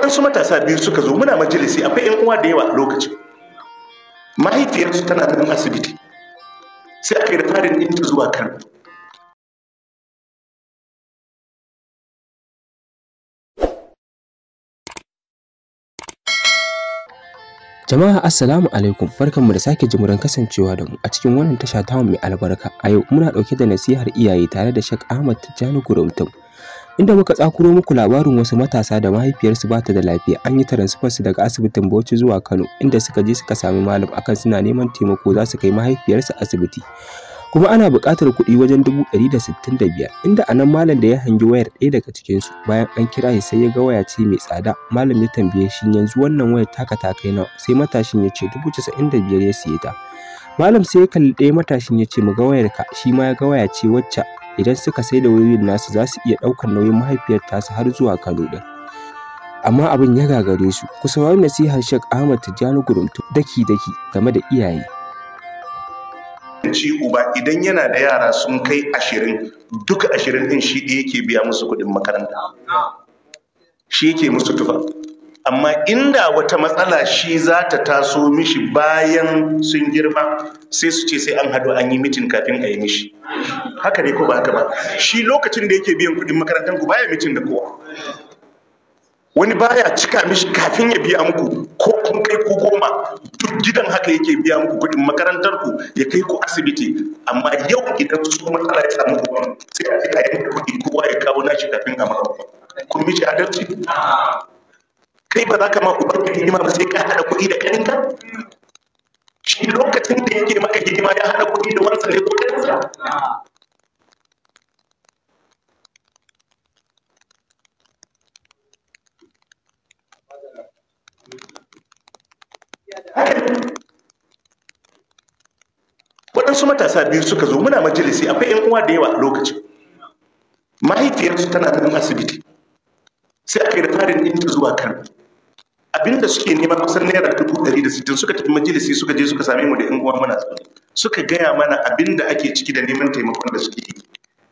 waɗansu matasa biyu suka zo muna majalisi akwai 'yan uwa da yawa a lokacin mahaifiyarsu tana nan asibiti sai aka yi da farin ɗinta zuwa kan Jama'a assalamu alaikum farkan mu da sake jimuran kasancewa da mu a cikin wannan tasha ta mai albarka a yau muna dauke da nasihar iyaye tare da shek Ahmad Tijjani Gurumtum inda muka tsakuro muku labarin wasu matasa da mahaifiyarsu ba ta da lafiya an yi transfer su daga asibitin Bauchi zuwa Kano inda suka je suka sami malam akan suna neman taimako za su kai mahaifiyarsu asibiti kuma ana buƙatar kuɗi wajen dubu ɗari da sittin da biyar inda anan malam da ya hangi wayar ɗaya daga su bayan an kira shi sai ya ga waya ce mai tsada malam ya tambaye shi yanzu wannan wayar taka ta kai nawa sai matashin ya ce dubu casa'in da biyar ya siye ta malam sai ya kalli ɗaya matashin ya ce mu ga wayar ka shi ma ya ga waya ce wacce idan suka sai da wayoyin nasu za su iya ɗaukar nauyin mahaifiyar su har zuwa Kano ɗin. Amma abin ya gagare su, ku saurari nasihar Sheikh Ahmad Tijjani Gurumtu daki-daki game da iyaye. Ci uba idan yana da yara sun kai ashirin duk ashirin ɗin shi yake biya musu kuɗin makaranta. Shi yake musu tufa. amma inda wata matsala shi za ta taso mishi bayan sun girma sai su ce sai an hadu an yi mitin kafin a yi mishi haka ne ko ba haka ba shi lokacin da yake biyan kudin makarantar ku baya mitin da kowa wani baya cika mishi kafin ya biya muku ko kun kai ku goma duk gidan haka yake biya muku kudin makarantar ku ya kai ku asibiti amma yau idan su matsala ya samu kuma sai a yi yanka kowa ya kawo nashi kafin a maka kun mishi adalci kai ba za ka ma da hidima ba sai ka haɗa kuɗi da kaninka shi lokacin da yake maka hidima ya haɗa kuɗi da wansa ne ko kaninsa waɗansu matasa biyu suka zo muna majalisi akwai 'yan uwa da yawa a lokacin mahaifiyarsu tana nan asibiti sai aka yi farin ɗinta zuwa kano abinda suke nema kusan naira dubu ɗari da sittin suka tafi majalisi suka je suka same mu da yan uwa muna suka gaya mana abinda ake ciki da neman taimakon da suke yi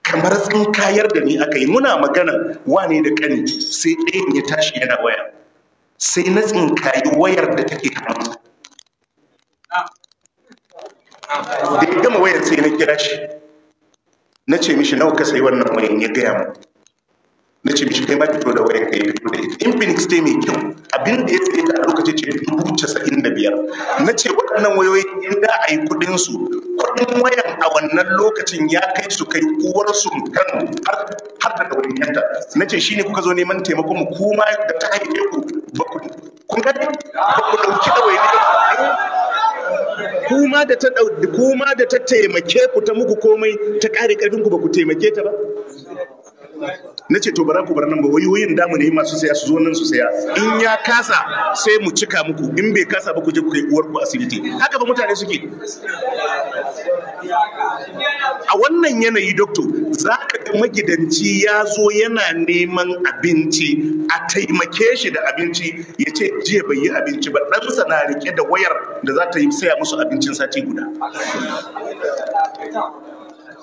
kamar sun kayar da ni aka yi muna magana wane da kani sai ɗayan ya tashi yana waya sai na tsinkayi wayar da take kama. da ya gama wayar sai na kira shi na ce mishi nawa ka sayi wannan wayan ya gaya mu na ce mishi kai ma fito da wayan kai fito da ita phoenix dai mai kyau abin da ya tsaye ta a lokacin ce dubu casa'in da biyar na ce waɗannan wayoyi in da a yi kuɗin su kuɗin wayan a wannan lokacin ya kai su kai uwar su kan har da ɗaurin yanta na ce shine kuka zo neman taimakon mu kuma da ta haife ku ba ku kun gani ba ku ɗauki da wayoyi kuma da ta kuma da ta taimake ku ta muku komai ta ƙare ƙarfin ku ba ku taimake ta ba na ce to bara ku bar nan ba wayoyin damu ne masu saya su zo nan su saya in ya kasa sai mu cika muku in bai kasa ba ku je ku kai uwar ku asibiti haka ba mutane suke a wannan yanayi doctor za ka ga magidanci ya zo yana neman abinci a taimake shi da abinci ya ce jiya bai yi abinci ba ɗansa na rike da wayar da za ta yi saya musu abincin sati guda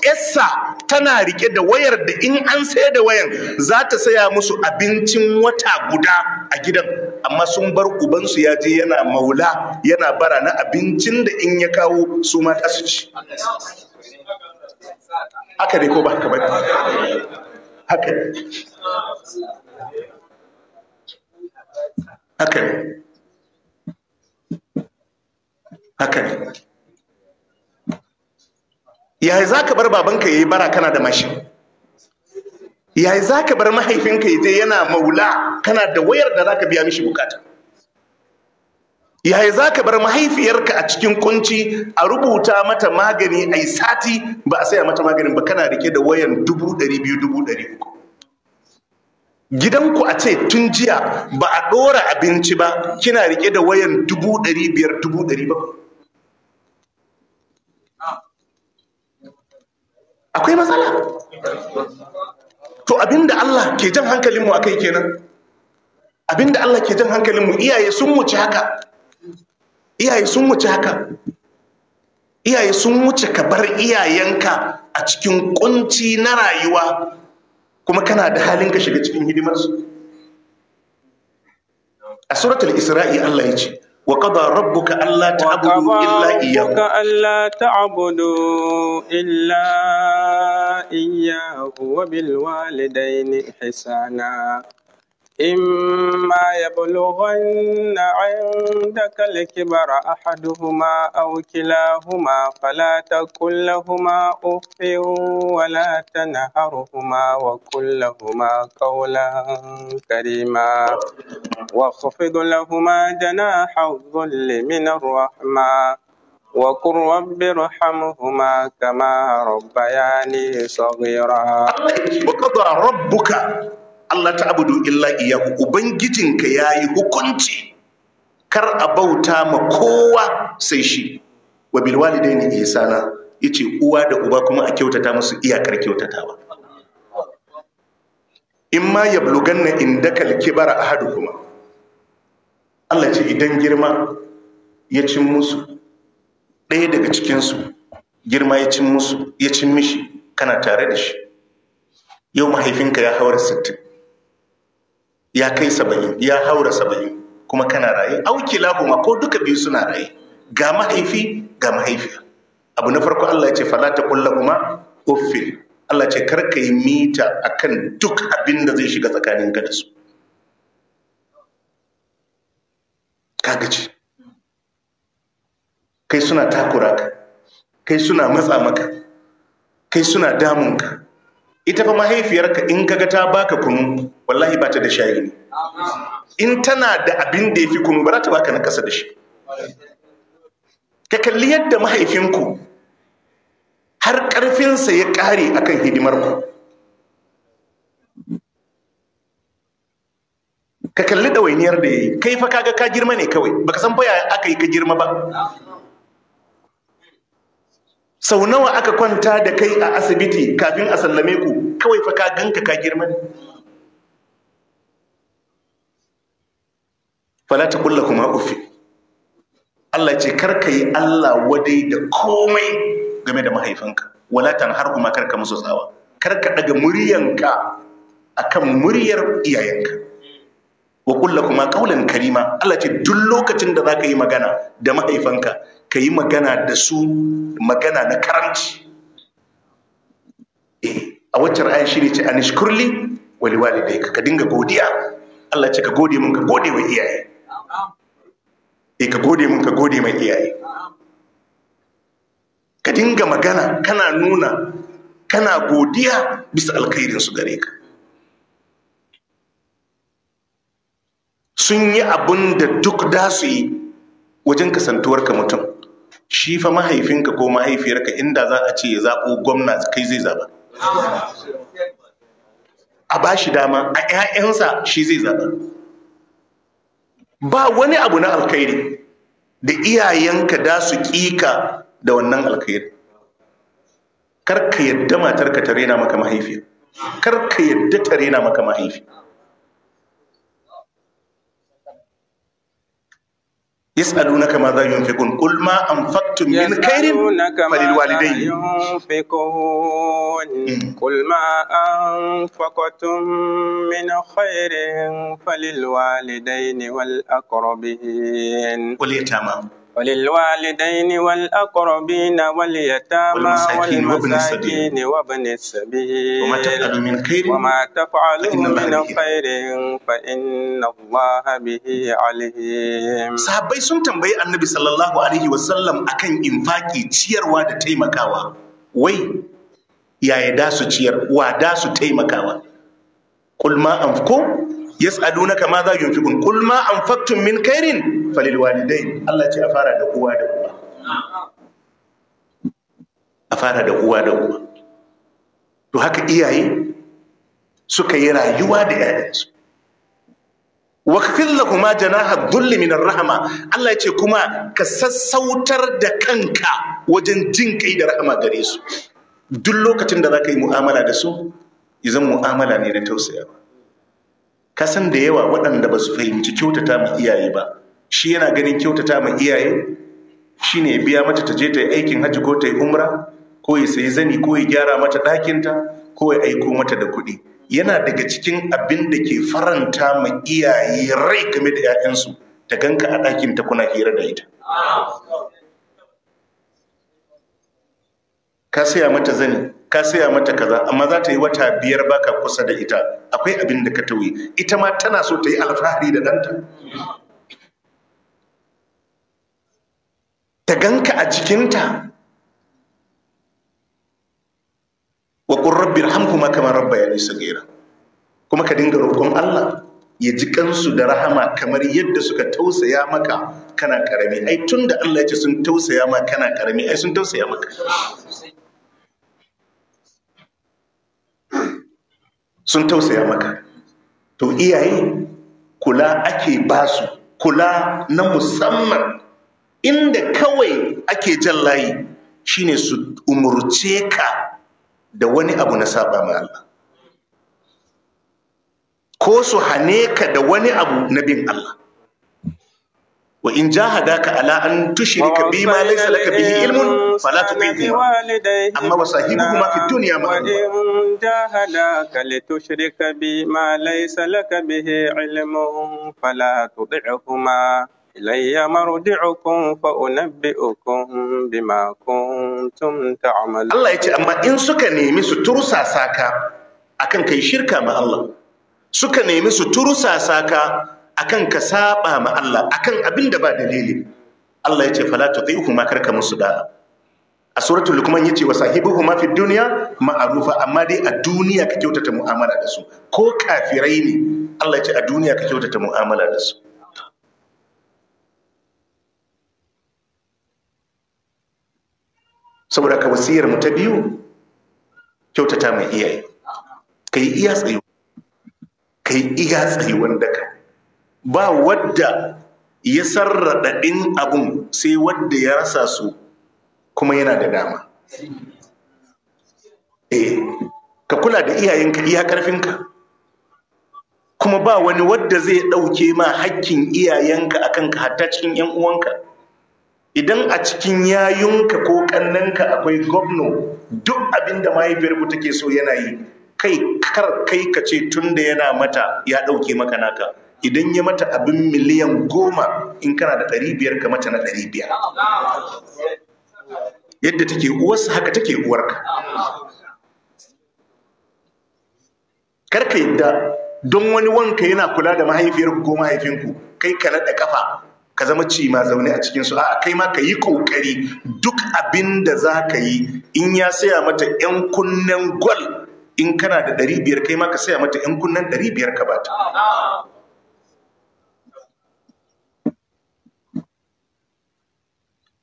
essa tana rike da wayar da in an sayar da wayan za ta saya musu abincin wata guda a gidan amma sun bar ubansu ya je yana maula yana bara na abincin da in ya kawo su mata su ci haka ne ko ba haka ba haka haka ne haka ne yaya za ka bar babanka ya yi bara kana da mashin yaya za ka bar mahaifinka ya je yana maula kana da wayar da za ka biya mishi bukata yaya za ka bar mahaifiyarka a cikin kunci a rubuta mata magani a yi sati ba a saya mata maganin ba kana rike da wayan dubu ɗari biyu dubu ɗari uku gidanku a ce tun jiya ba a ɗora abinci ba kina rike da wayan dubu ɗari biyar dubu ɗari ba akwai matsala to abinda Allah ke jan hankalinmu a kai kenan abinda Allah ke jan hankalinmu iyaye sun wuce haka iyaye sun wuce haka iyaye sun wuce ka bar iyayenka a cikin kunci na rayuwa kuma kana da halin ka shiga cikin hidimarsu a suratul isra'i Allah ya ce وقضى ربك ألا تعبدوا إلا إياه ربك ألا تعبدوا إلا إياه وبالوالدين إحسانا إما يبلغن عندك الكبر أحدهما أو كلاهما فلا تقل لهما أف ولا تنهرهما وقل لهما قولا كريما واخفض لهما جناح الذل من الرحمة وقل رب ارحمهما كما ربياني صغيرا وقضى ربك الله تعبد إلا إياه وبنجتنك كياي يهكنتي كر أبوتا مكوة سيشي وبالوالدين إيسانا يتي أواد أباكم أكيوتا تامس uwa da uba in ma ya yabluganna a hadu kuma? Allah ce idan girma ya cin musu ɗaya daga cikinsu girma ya cin musu ya cin mishi kana tare da shi yau mahaifinka ya haura sittin ya kai saba'in ya haura saba'in kuma kana raye auki lahuma ko duka biyu suna raye ga mahaifi ga mahaifiya abu na farko Allah ya ce falata ta kullahuma uffin Allah ce kar ka yi mita a kan duk abin da zai shiga tsakanin ka da su ka gaji kai suna takura ka kai suna matsa maka kai suna damun ka ita fa mahaifiyarka in kaga ta baka kunu wallahi ba ta da shayi ne in tana da abin da ya fi kunu ba ta baka na kasa da shi ka kalli yadda mahaifinku har ƙarfinsa ya ƙare a hidimar ku ka kalli ɗawainiyar da ya yi kai fa kaga ka girma ne kawai baka san baya aka yi ka girma ba sau nawa aka kwanta da kai a asibiti kafin a sallame ku kawai fa ka ganka ka girma ne fala ta kulla kuma ufi Allah ce karka yi Allah wadai da komai game da mahaifinka wala har kuma karka musu tsawa karka daga muryanka akan muryar iyayenka wa kulla kuma kaulan karima Allah ce duk lokacin da zaka yi magana da mahaifanka ka yi magana da su magana na karanci eh, a waccan ayan shi ne ce anishkurli wali walidai ka dinga godiya Allah ce ka gode mun ka gode wa iyaye eh ka gode mun ka gode mai iyaye ka dinga magana kana nuna kana godiya bisa alkhairin su gare ka sun yi abin da duk da su yi wajen kasantuwarka mutum shi fa mahaifinka ko mahaifiyarka inda za a ce ya zaɓo gwamna kai zai zaɓa a ba shi dama a 'ya'yansa shi zai zaɓa ba wani abu na alkhairi da iyayenka da su ƙika da wannan alkhairi kar ka yadda ka ta rena maka mahaifiya kar ka yadda ta rena maka mahaifi yas'alunaka ma za yunfiqun qul ma anfaqtum min khairin falil walidayni hmm. qul ma anfaqtum min khairin falil walidayni wal aqrabin qul yatama وللوالدين والأقربين واليتامى والمساكين وابن السبيل وما تفعلوا من خير وما تفعلوا من خير فإن الله به عليم sahabbai sun tambayi annabi sallallahu akan infaki ciyarwa da taimakawa wai yaya da su ciyar wa da su taimakawa qul ma anfuqu yas'alunaka ma za yunfiqun qul ma anfaqtum min khairin falil Allah ce a fara da uwa da uwa. a fara da uwa da uwa. to haka iyaye suka yi rayuwa da ‘ya'yansu. Wakfin kuma janaha dhulli minar rahama Allah ce kuma ka sassautar da kanka wajen jin kai da rahama gare su. Duk lokacin da za ka yi mu'amala da su, izan mu'amala ne na tausayawa. kasan da yawa waɗanda ba su fahimci kyautata ma iyaye ba shi yana ganin kyautata ma iyaye shi ne biya mata ta je ta yi aikin hajji ko ta yi umra ko ya sayi zani ko ya gyara mata ɗakinta ko ya aiko mata da kuɗi yana daga cikin abin da ke faranta ma iyaye rai game da 'ya'yansu ta ganka a ɗakinta kuna hira da ita ka saya mata zani ka saya mata kaza amma za ta yi wata biyar baka kusa da ita akwai abin da ka tauye ita ma tana so ta yi alfahari da ɗanta ta ganka a jikinta wa qur rabbi rabba ya nisa saghira kuma ka dinga roƙon Allah ya ji kansu da rahama kamar yadda suka tausaya maka kana karami ai tun da Allah ya ce sun tausaya maka kana karami ai sun tausaya maka sun tausaya maka to iyaye kula ake basu kula na musamman inda kawai ake jan layi shine su umurce ka da wani abu na saba ma Allah ko su hane ka da wani abu na bin Allah wa in jahadaka ala an tushrika bi ma laysa laka bihi ilmun fala tuti'huma amma wasahibuhuma fi dunya ma'ruf جاهداك لتشرك بي ما ليس لك به علم فلا تطعهما إلي مرجعكم فأنبئكم بما كنتم تعملون الله يتي أما إن سكا نيمي سترسا ساساكا أكن كي شركا مع الله سكا نيمي سترسا ساساكا أكن كسابا مع الله أكن أبن دبا دليلي الله يتي فلا تطيعكما كركا مصداء a suratul lukman yace wa ma fi dunya ma'rufa amma dai a duniya ka kyautata mu'amala da su ko kafirai ne Allah yace a duniya ka kyautata mu'amala da su saboda ka wasiyar mu ta biyu kyautata mai iyaye kai iya tsayo kai iya wanda ka. ba wadda ya sarrada din abun sai wadda ya rasa su kuma yana da dama eh ka kula da iyayenka iya karfinka kuma ba wani wadda zai ɗauke ma hakkin iyayenka a kanka hatta cikin 'yan uwanka idan a cikin yayunka ko ƙannanka akwai gwamno duk abin da mahaifiyarku take so yana yi kai kar kai ka ce tun da yana mata ya ɗauke maka naka idan ya mata abin miliyan goma in kana da ɗari biyar ka mata na ɗari biyar yadda take uwarsa haka take uwarka karka yadda don wani wanka yana kula da mahaifiyarku ko mahaifinku kai ka naɗa kafa ka zama ci ma zaune a cikinsu a kai ma ka yi ƙoƙari duk abin da za ka yi in ya saya mata 'yan kunnen gwal in kana da ɗari biyar kai ma ka saya mata 'yan kunnen ɗari biyar ka bata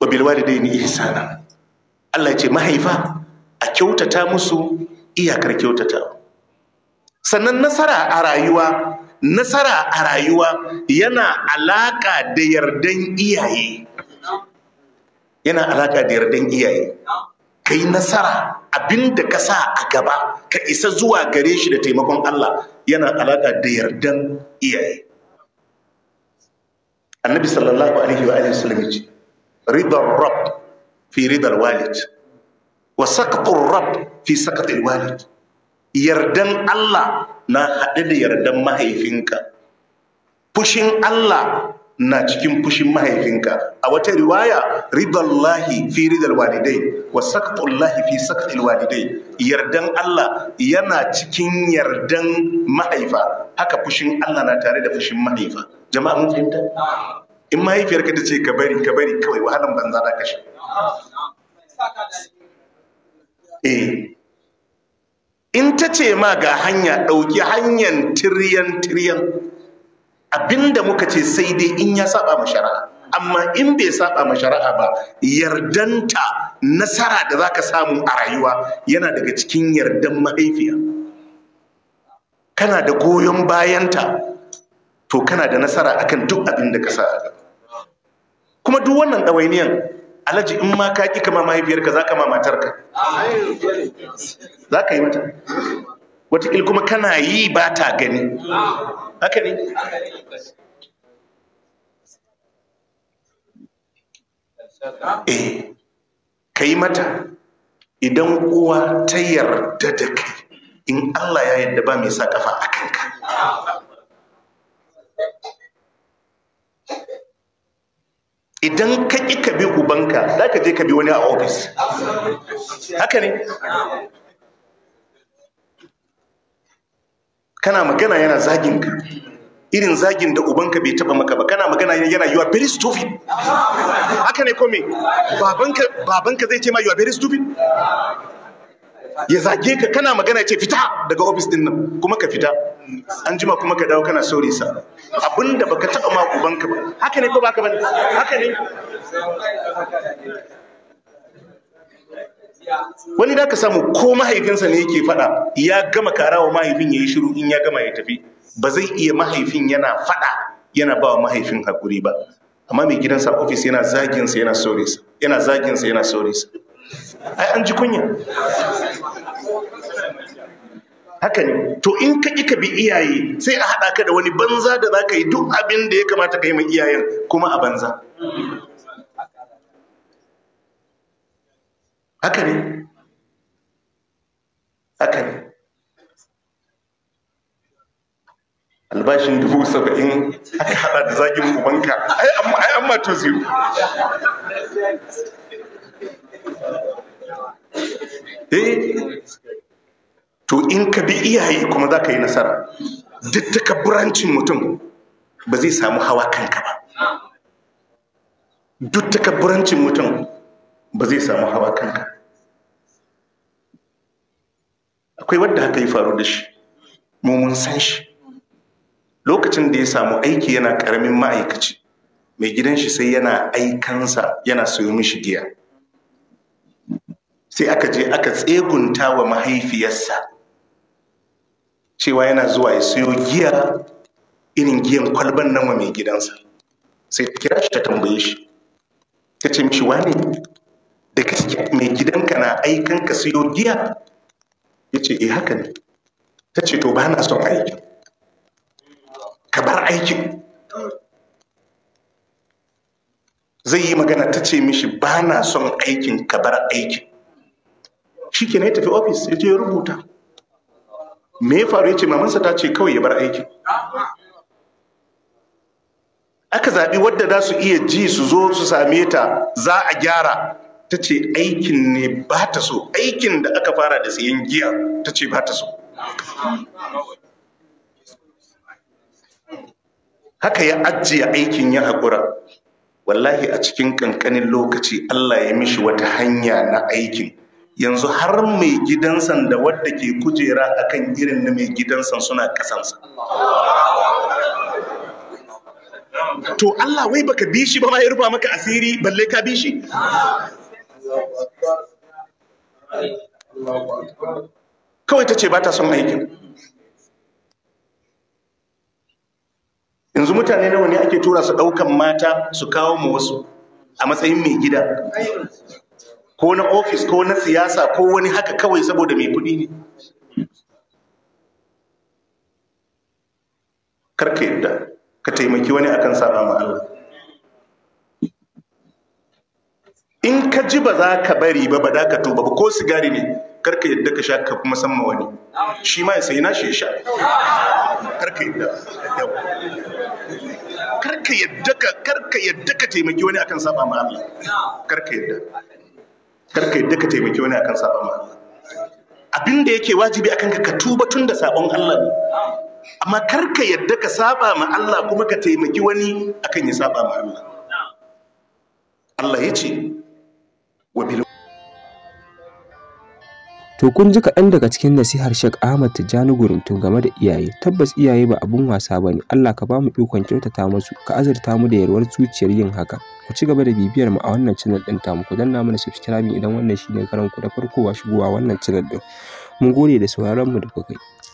wa bilwalidaini ihsana Allah ce mahaifa a kyautata musu iyakar kyautata sannan nasara a rayuwa nasara a rayuwa yana alaka da yardan iyaye yana alaka da yardan iyaye ka yi nasara abinda ka sa a gaba ka isa zuwa gare shi da taimakon Allah yana alaƙa da yardan iyaye annabi sallallahu alaihi wa alihi wasallam ce رضا الرب في رضا الوالد وسقط الرب في سقط الوالد yardan Allah na haɗe da yardan mahaifinka fushin Allah na cikin fushin mahaifinka a wata riwaya ridallahi fi ridal walidai wa saqtullahi fi saqtil walidai yardan Allah yana cikin yardan mahaifa haka pushin Allah na tare da pushin mahaifa jama'a mun fahimta in mahaifiyarka ta ce ka bari ka bari kawai wahalan banza da kashe eh in ta ce ma ga hanya ɗauki hanyar tiriyan tiriyan abinda muka ce sai dai in ya saba ma shari'a amma in bai saba ma shari'a ba yardanta nasara da za ka samu a rayuwa yana daga cikin yardan mahaifiya kana da goyon bayanta to kana da nasara akan duk abin da ka sa a gaba kuma duk wannan ɗawainiyan alhaji in ma ka ƙi kama mahaifiyarka za ka ma matarka za ka yi mata wataƙil kuma kana yi ba ta gani haka ne eh ka yi mata idan uwa ta yarda da kai in allah ya yarda ba mai sa kafa a kanka idan ka ƙi ka bi ubanka za ka je ka bi wani a ofis haka ne kana magana yana zagin ka irin zagin da ubanka bai taba maka ba kana magana yana you are very stupid haka ne ko me babanka babanka zai ce ma you are very stupid ya zage ka kana magana ya ce fita daga ofis din nan kuma ka fita an jima kuma ka dawo kana sauri sa abinda baka taɓa ma ubanka ba haka ne ko baka bane haka ne wani da ka samu ko mahaifinsa ne yake faɗa ya gama karawa mahaifin ya yi shiru in ya gama ya tafi ba zai iya mahaifin yana faɗa yana ba wa mahaifin haƙuri ba amma mai gidansa ofis yana zaginsa yana sa yana zaginsa yana sa ai an ji kunya haka ne to in ka ƙi ka bi iyaye sai a haɗa ka da wani banza da za ka yi duk abin da ya kamata ka yi mai iyayen kuma a banza haka ne haka ne albashin dubu saba'in aka haɗa da zagin ubanka ai an ma to ziyu eh to in ka bi iyaye kuma za ka yi nasara duk takabburancin mutum ba zai samu hawa kanka ba duk takabburancin mutum ba zai samu hawa kanka akwai wadda haka yi faru da shi mu san shi lokacin da ya samu aiki yana karamin ma'aikaci mai gidan shi sai yana aikansa yana sayo mishi giya sai aka je aka tsegunta wa mahaifiyarsa cewa yana zuwa ya siyo giya irin giyan kwalban nan wa mai gidansa sai ta kira shi ta tambaye shi ta ce mishi wane da gaske mai gidanka na aikan ka siyo giya ya ce eh haka ne ta ce to ba na son aikin ka bar aikin zai yi magana ta ce mishi ba na son aikin ka bar aikin shi ke na ya tafi ofis ya je ya rubuta me ya faru ya ce mamansa ta ce kawai ya bar aiki aka zaɓi wadda za su iya ji su zo su same ta za a gyara ta ce aikin ne ba ta so aikin da aka fara da sayan giya ta ce ba ta so haka ya ajiye aikin ya haƙura wallahi a cikin ƙanƙanin lokaci allah ya mishi wata hanya na aikin yanzu har mai gidansan da wadda ke kujera akan irin na mai gidansan suna kasansa to Allah wai baka bi shi ba ma ya rufa maka asiri balle ka bi shi kawai ta ce ba ta son aikin yanzu mutane nawa ne ake tura su ɗaukan mata su kawo mu wasu a matsayin mai gida ko na ofis ko na siyasa ko wani haka kawai saboda mai kuɗi ne karka yadda ka taimaki wani akan saba ma Allah in ka ji ba za ka bari ba ba da ka tuba ko sigari ne karka yadda ka sha ka kuma san wani shi ma ya na shi ya sha karka yadda karka yadda ka karka yadda ka taimaki wani akan saba ma Allah karka yadda karka yadda ka taimaki wani akan sabon Allah abin da yake wajibi akan ka tuba tun da sabon Allah ne amma karka yadda ka saba ma Allah kuma ka taimaki wani akan ya saba ma Allah Allah ya ce wa bilu To kun ji kaɗan daga cikin nasihar Sheikh Ahmad Tijjani Gurumtun game da iyaye. Tabbas iyaye ba abun wasa ba ne. Allah ka ba mu ikon kyautata musu, ka azurta mu da yarwar zuciyar yin haka. Ku ci gaba da bibiyar mu a wannan channel ɗin tamu. Ku danna mana subscribing idan wannan shine karan ku da farko wa shigowa wannan channel ɗin. Mun gode da sauraron mu da kuka yi.